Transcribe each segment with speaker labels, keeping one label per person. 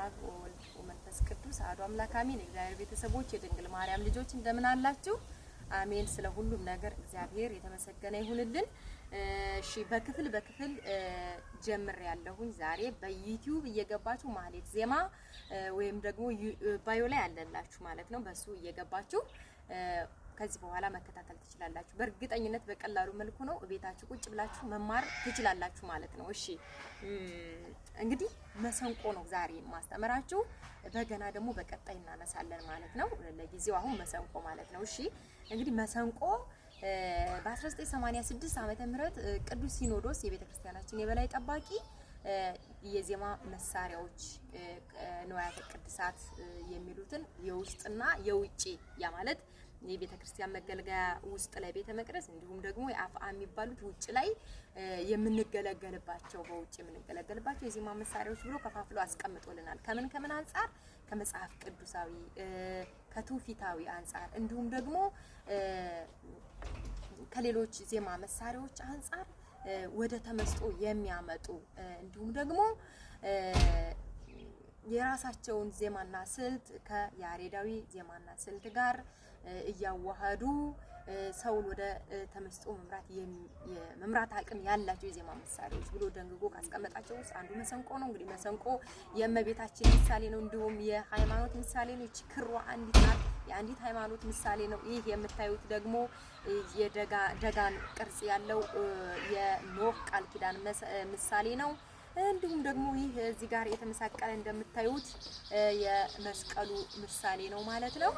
Speaker 1: አብ ወወልድ ወመንፈስ ቅዱስ አሐዱ አምላክ አሜን። እግዚአብሔር ቤተሰቦች የድንግል ማርያም ልጆች እንደምን አላችሁ? አሜን። ስለ ሁሉም ነገር እግዚአብሔር የተመሰገነ ይሁንልን። እሺ በክፍል በክፍል ጀምር ያለሁኝ ዛሬ በዩቲዩብ እየገባችሁ ማህሌት ዜማ ወይም ደግሞ ባዮ ላይ አለላችሁ ማለት ነው። በሱ እየገባችሁ ከዚህ በኋላ መከታተል ትችላላችሁ። በእርግጠኝነት በቀላሉ መልኩ ነው ቤታችሁ ቁጭ ብላችሁ መማር ትችላላችሁ ማለት ነው። እሺ እንግዲህ መሰንቆ ነው ዛሬ ማስተምራችሁ። በገና ደግሞ በቀጣይ እናነሳለን ማለት ነው። ለጊዜው አሁን መሰንቆ ማለት ነው። እሺ እንግዲህ መሰንቆ በ1986 ዓመተ ምህረት ቅዱስ ሲኖዶስ የቤተ የበላይ ጠባቂ የዜማ መሳሪያዎች ንዋያተ ቅድሳት የሚሉትን የውስጥና የውጪ ያ ማለት የቤተ ክርስቲያን መገልገያ ውስጥ ላይ ቤተ መቅደስ እንዲሁም ደግሞ የአፍአ የሚባሉት ውጭ ላይ የምንገለገልባቸው በውጭ የምንገለገልባቸው የዜማ መሳሪያዎች ብሎ ከፋፍሎ አስቀምጦልናል። ከምን ከምን አንጻር ከመጽሐፍ ቅዱሳዊ ከትውፊታዊ አንጻር እንዲሁም ደግሞ ከሌሎች ዜማ መሳሪያዎች አንጻር ወደ ተመስጦ የሚያመጡ እንዲሁም ደግሞ የራሳቸውን ዜማና ስልት ከያሬዳዊ ዜማና ስልት ጋር እያዋሃዱ ሰውን ወደ ተመስጦ መምራት አቅም ያላቸው የዜማ መሳሪያዎች ብሎ ደንግጎ ካስቀመጣቸው ውስጥ አንዱ መሰንቆ ነው። እንግዲህ መሰንቆ የእመቤታችን ምሳሌ ነው፣ እንዲሁም የሃይማኖት ምሳሌ ነው። ይቺ ክሯ አንዲት ናት፣ የአንዲት ሃይማኖት ምሳሌ ነው። ይህ የምታዩት ደግሞ የደጋን ቅርጽ ያለው የኖህ ቃል ኪዳን ምሳሌ ነው። እንዲሁም ደግሞ ይህ እዚህ ጋር የተመሳቀለ እንደምታዩት የመስቀሉ ምሳሌ ነው ማለት ነው።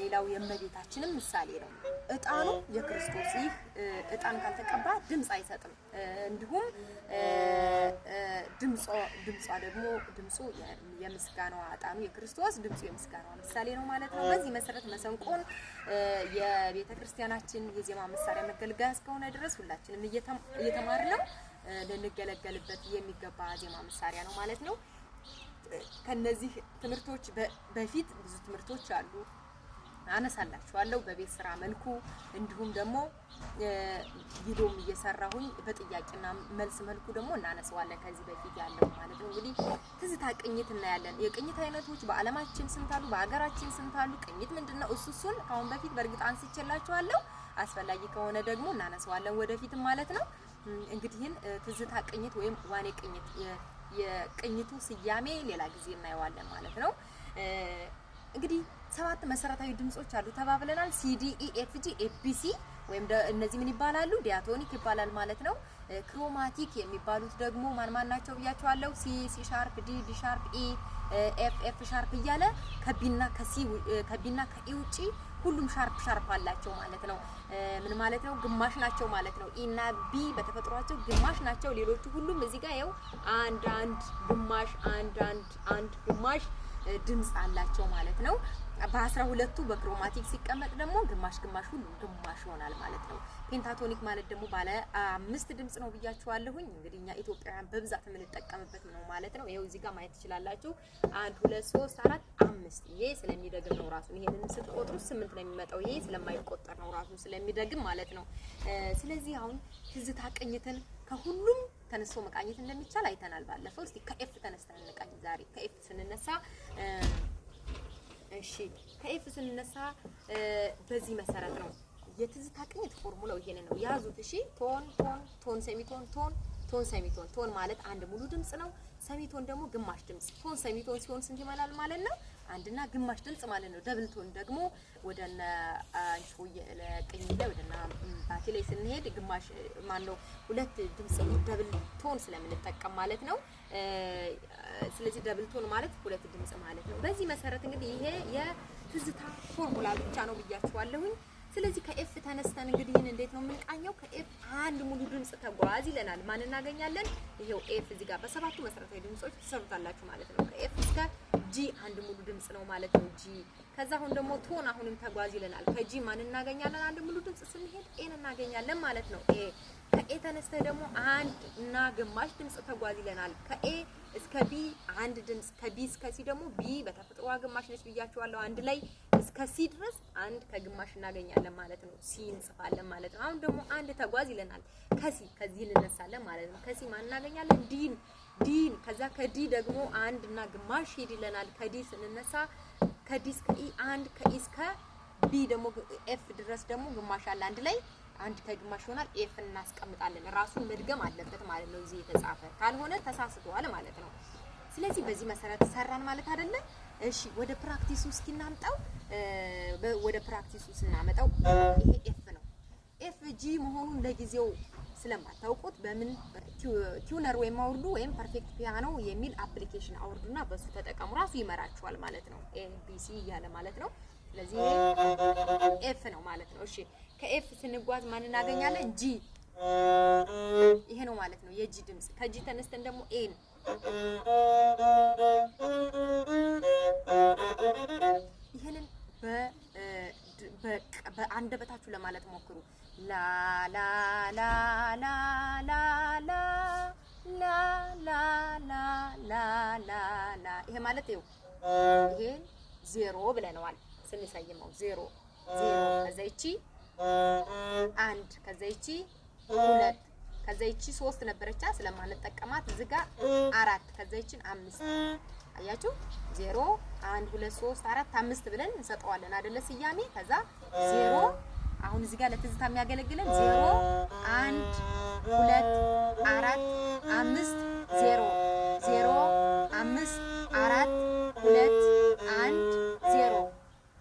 Speaker 1: ሌላው የእመቤታችንም ምሳሌ ነው። እጣኑ የክርስቶስ ይህ እጣን ካልተቀባ ድምፅ አይሰጥም። እንዲሁም ድምጿ ደግሞ ድምፁ የምስጋናዋ እጣኑ የክርስቶስ ድምፁ የምስጋናዋ ምሳሌ ነው ማለት ነው። በዚህ መሰረት መሰንቆን የቤተ ክርስቲያናችን የዜማ መሳሪያ መገልገያ እስከሆነ ድረስ ሁላችንም እየተማር ነው ልንገለገልበት የሚገባ ዜማ መሳሪያ ነው ማለት ነው። ከነዚህ ትምህርቶች በፊት ብዙ ትምህርቶች አሉ አነሳላችኋለሁ በቤት ስራ መልኩ እንዲሁም ደግሞ ቪዲዮም እየሰራሁኝ በጥያቄና መልስ መልኩ ደግሞ እናነሳዋለን። ከዚህ በፊት ያለው ማለት ነው እንግዲህ ትዝታ ቅኝት እናያለን። የቅኝት አይነቶች በአለማችን ስንት አሉ? በሀገራችን ስንት አሉ? ቅኝት ምንድነው? እሱ እሱን ከአሁን በፊት በእርግጥ አንስቼላችኋለሁ። አስፈላጊ ከሆነ ደግሞ እናነሳዋለን ወደፊትም ማለት ነው። እንግዲህን ትዝታ ቅኝት ወይም ዋኔ ቅኝት የቅኝቱ ስያሜ ሌላ ጊዜ እናየዋለን ማለት ነው። እንግዲህ ሰባት መሰረታዊ ድምጾች አሉ ተባብለናል። ሲዲ ኢኤፍጂ ኤቢሲ ወይም እነዚህ ምን ይባላሉ? ዲያቶኒክ ይባላል ማለት ነው። ክሮማቲክ የሚባሉት ደግሞ ማን ማን ናቸው ብያቸዋለሁ። ሲ፣ ሲ ሻርፕ፣ ዲ፣ ዲ ሻርፕ፣ ኢ፣ ኤፍ፣ ኤፍ ሻርፕ እያለ ከቢና ከሲ ከቢና ከኢ ውጪ ሁሉም ሻርፕ ሻርፕ አላቸው ማለት ነው። ምን ማለት ነው? ግማሽ ናቸው ማለት ነው። ኢና ቢ በተፈጥሯቸው ግማሽ ናቸው። ሌሎቹ ሁሉም እዚህ ጋር ያው አንድ አንድ ግማሽ አንድ አንድ አንድ ግማሽ ድምፅ አላቸው ማለት ነው። በአስራ ሁለቱ በክሮማቲክ ሲቀመጥ ደግሞ ግማሽ ግማሽ ሁሉ ግማሽ ይሆናል ማለት ነው። ፔንታቶኒክ ማለት ደግሞ ባለ አምስት ድምጽ ነው ብያችኋለሁኝ። እንግዲህ እኛ ኢትዮጵያውያን በብዛት የምንጠቀምበት ነው ማለት ነው። ይኸው እዚህ ጋር ማየት ትችላላችሁ። አንድ ሁለት ሶስት አራት አምስት ይሄ ስለሚደግም ነው ራሱ። ይሄንን ስትቆጥሩ ስምንት ነው የሚመጣው። ይሄ ስለማይቆጠር ነው ራሱ ስለሚደግም ማለት ነው። ስለዚህ አሁን ትዝታ ቅኝትን ከሁሉም ተነስቶ መቃኘት እንደሚቻል አይተናል ባለፈው። እስቲ ከኤፍ ተነስተን እንቃኝ ዛሬ ከኤፍ ስንነሳ እሺ ከኤፍ ስንነሳ በዚህ መሰረት ነው። የትዝታ ቅኝት ፎርሙላው ይሄንን ነው። ያዙት። እሺ ቶን ቶን ቶን ሴሚቶን ቶን ቶን ሰሚቶን። ቶን ማለት አንድ ሙሉ ድምጽ ነው። ሰሚቶን ደግሞ ግማሽ ድምጽ። ቶን ሰሚቶን ሲሆን ስንት ይመላል ማለት ነው? አንድና ግማሽ ድምጽ ማለት ነው። ደብል ቶን ደግሞ ወደነ አንቺው ለቅኝ ላይ ወደና ባቲ ላይ ስንሄድ ግማሽ ማን ነው ሁለት ድምጽ ደብል ቶን ስለምንጠቀም ማለት ነው። ስለዚህ ደብል ቶን ማለት ሁለት ድምጽ ማለት ነው። በዚህ መሰረት እንግዲህ ይሄ የትዝታ ፎርሙላ ብቻ ነው ብያችኋለሁኝ። ስለዚህ ከኤፍ ተነስተን እንግዲህ ይህን እንዴት ነው የምንቃኘው? ከኤፍ አንድ ሙሉ ድምጽ ተጓዝ ይለናል። ማን እናገኛለን? ይሄው ኤፍ እዚህ ጋር በሰባቱ መሰረታዊ ድምጾች ትሰሩታላችሁ ማለት ነው። ከኤፍ እስከ ጂ አንድ ሙሉ ድምፅ ነው ማለት ነው። ጂ ከዛ አሁን ደግሞ ቶን አሁንም ተጓዝ ይለናል። ከጂ ማን እናገኛለን? አንድ ሙሉ ድምፅ ስንሄድ ኤን እናገኛለን ማለት ነው። ኤ ከኤ ተነስተ ደግሞ አንድ እና ግማሽ ድምጽ ተጓዝ ይለናል። ከኤ እስከ ቢ አንድ ድምፅ፣ ከቢ እስከ ሲ ደግሞ ቢ በተፈጥሮዋ ግማሽ ነች ብያችኋለሁ አንድ ላይ ከሲ ድረስ አንድ ከግማሽ እናገኛለን ማለት ነው። ሲ እንጽፋለን ማለት ነው። አሁን ደግሞ አንድ ተጓዝ ይለናል። ከሲ ከዚህ ልነሳለን ማለት ነው። ከሲ ማን እናገኛለን? ዲን ዲን። ከዛ ከዲ ደግሞ አንድ እና ግማሽ ሂድ ይለናል። ከዲ ስንነሳ ከዲ እስከ ኢ አንድ፣ ከኢ እስከ ቢ ደግሞ ኤፍ ድረስ ደግሞ ግማሽ አለ። አንድ ላይ አንድ ከግማሽ ይሆናል። ኤፍ እናስቀምጣለን። ራሱን መድገም አለበት ማለት ነው። እዚህ የተጻፈ ካልሆነ ተሳስተዋል ማለት ነው። ስለዚህ በዚህ መሰረት ሰራን ማለት አይደለም። እሺ ወደ ፕራክቲሱ እስኪናምጣው ወደ ፕራክቲሱ ስናመጣው ይሄ ኤፍ ነው። ኤፍ ጂ መሆኑን ለጊዜው ስለማታውቁት በምን ቲዩነር ወይም አውርዱ ወይም ፐርፌክት ፒያኖ የሚል አፕሊኬሽን አውርዱና በሱ ተጠቀሙ። ራሱ ይመራችኋል ማለት ነው። ኤቢሲ እያለ ማለት ነው። ስለዚህ ኤፍ ነው ማለት ነው። እሺ ከኤፍ ስንጓዝ ማን እናገኛለን? ጂ ይሄ ነው ማለት ነው የጂ ድምፅ። ከጂ ተነስተን ደግሞ ኤን በአንደበታችሁ ለማለት ሞክሩ። ላላላላላላላላላላላ ይሄ ማለት ይኸው ይሄን ዜሮ ብለነዋል። ስንሰይመው ዜሮ ዜሮ፣ ከዛ ይቺ አንድ፣ ከዛ ይቺ ሁለት ከዛ ይቺ ሶስት ነበረቻ ስለማንጠቀማት እዚህ ጋር አራት ከዛ ይቺን አምስት አያችሁ፣ ዜሮ አንድ ሁለት ሶስት አራት አምስት ብለን እንሰጠዋለን አይደለ? ስያሜ ከዛ ዜሮ አሁን እዚህ ጋር ለትዝታ የሚያገለግለን ዜሮ አንድ ሁለት አራት አምስት ዜሮ ዜሮ አምስት አራት ሁለት አንድ ዜሮ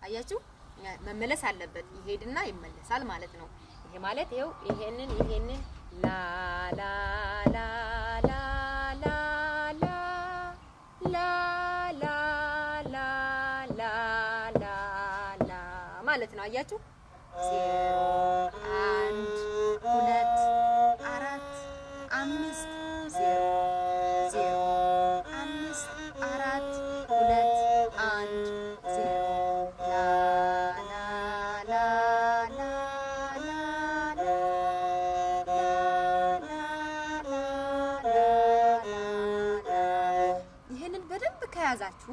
Speaker 1: አያችሁ፣ መመለስ አለበት። ይሄድና ይመለሳል ማለት ነው። ይሄ ማለት ይኸው ይሄንን ይሄንን ማለት ነው። አያችሁ አንድ ሁለት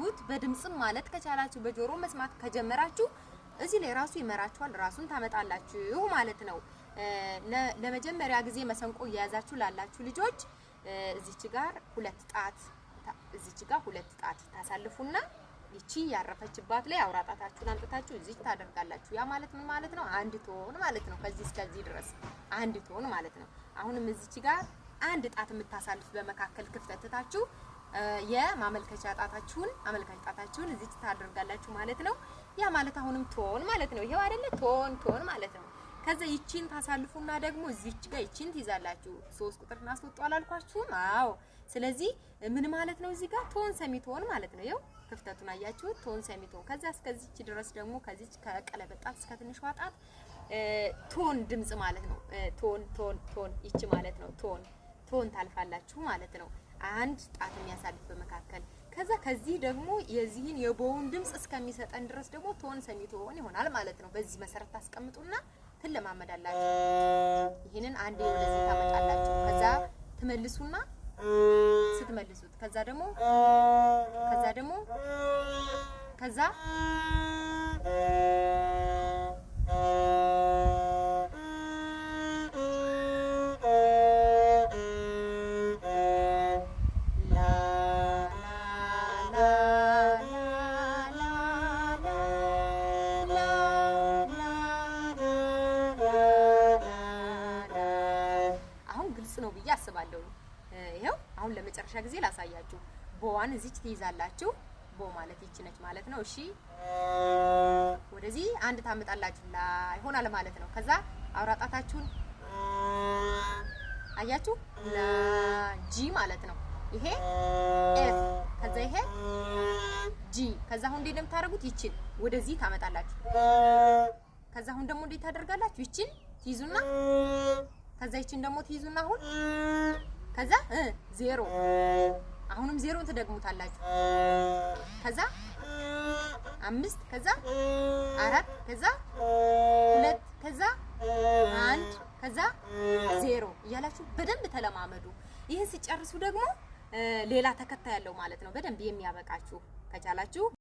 Speaker 1: ስታዩት በድምጽም ማለት ከቻላችሁ በጆሮ መስማት ከጀመራችሁ እዚህ ላይ ራሱ ይመራችኋል፣ ራሱን ታመጣላችሁ ማለት ነው። ለመጀመሪያ ጊዜ መሰንቆ እየያዛችሁ ላላችሁ ልጆች እዚች ጋር ሁለት ጣት እዚች ጋር ሁለት ጣት ታሳልፉና ይቺ ያረፈችባት ላይ አውራ ጣታችሁን አምጥታችሁ እዚህ ታደርጋላችሁ። ያ ማለት ምን ማለት ነው? አንድ ትሆን ማለት ነው። ከዚህ እስከዚህ ድረስ አንድ ትሆን ማለት ነው። አሁንም እዚች ጋር አንድ ጣት የምታሳልፍ በመካከል ክፍተትታችሁ የማመልከቻ ጣታችሁን አመልካች ጣታችሁን እዚች ታደርጋላችሁ ማለት ነው። ያ ማለት አሁንም ቶን ማለት ነው። ይሄው አይደለ ቶን ቶን ማለት ነው። ከዛ ይቺን ታሳልፉና ደግሞ እዚች ጋር ይቺን ትይዛላችሁ። ሶስት ቁጥር እናስወጡ አላልኳችሁም? አዎ። ስለዚህ ምን ማለት ነው? እዚህ ጋር ቶን ሰሚቶን ማለት ነው። ይኸው ክፍተቱን አያችሁት? ቶን ሰሚቶን። ከዛ እስከዚች ድረስ ደግሞ ከዚች ከቀለበት ጣት እስከ ትንሿ ጣት ቶን ድምጽ ማለት ነው። ቶን ቶን ቶን ይቺ ማለት ነው። ቶን ቶን ታልፋላችሁ ማለት ነው። አንድ ጣት የሚያሳልፍ በመካከል ከዛ ከዚህ ደግሞ የዚህን የቦውን ድምጽ እስከሚሰጠን ድረስ ደግሞ ቶን ሰሚቶ ሆን ይሆናል ማለት ነው። በዚህ መሰረት ታስቀምጡና ትለማመዳላችሁ። ይህንን አንድ ወደዚህ ታመጣላችሁ። ከዛ ትመልሱና ስትመልሱት ከዛ ደግሞ ከዛ ደግሞ ከዛ አሁን ለመጨረሻ ጊዜ ላሳያችሁ። ቦዋን እዚች ትይዛላችሁ። ቦ ማለት ይቺ ነች ማለት ነው። እሺ ወደዚህ አንድ ታመጣላችሁ ላይ ሆናል ማለት ነው። ከዛ አውራጣታችሁን አያችሁ ጂ ማለት ነው። ይሄ ኤፍ ከዛ ይሄ ጂ ከዛ አሁን እንዴት እንደምታደርጉት ይችን ወደዚህ ታመጣላችሁ። ከዛ አሁን ደግሞ እንዴት ታደርጋላችሁ? ይችን ትይዙና ከዛ ይችን ደግሞ ትይዙና አሁን ከዛ ዜሮ አሁንም ዜሮን ትደግሙታላችሁ። ከዛ አምስት ከዛ አራት ከዛ ሁለት ከዛ አንድ ከዛ ዜሮ እያላችሁ በደንብ ተለማመዱ። ይህን ሲጨርሱ ደግሞ ሌላ ተከታይ ያለው ማለት ነው በደንብ የሚያበቃችሁ ከቻላችሁ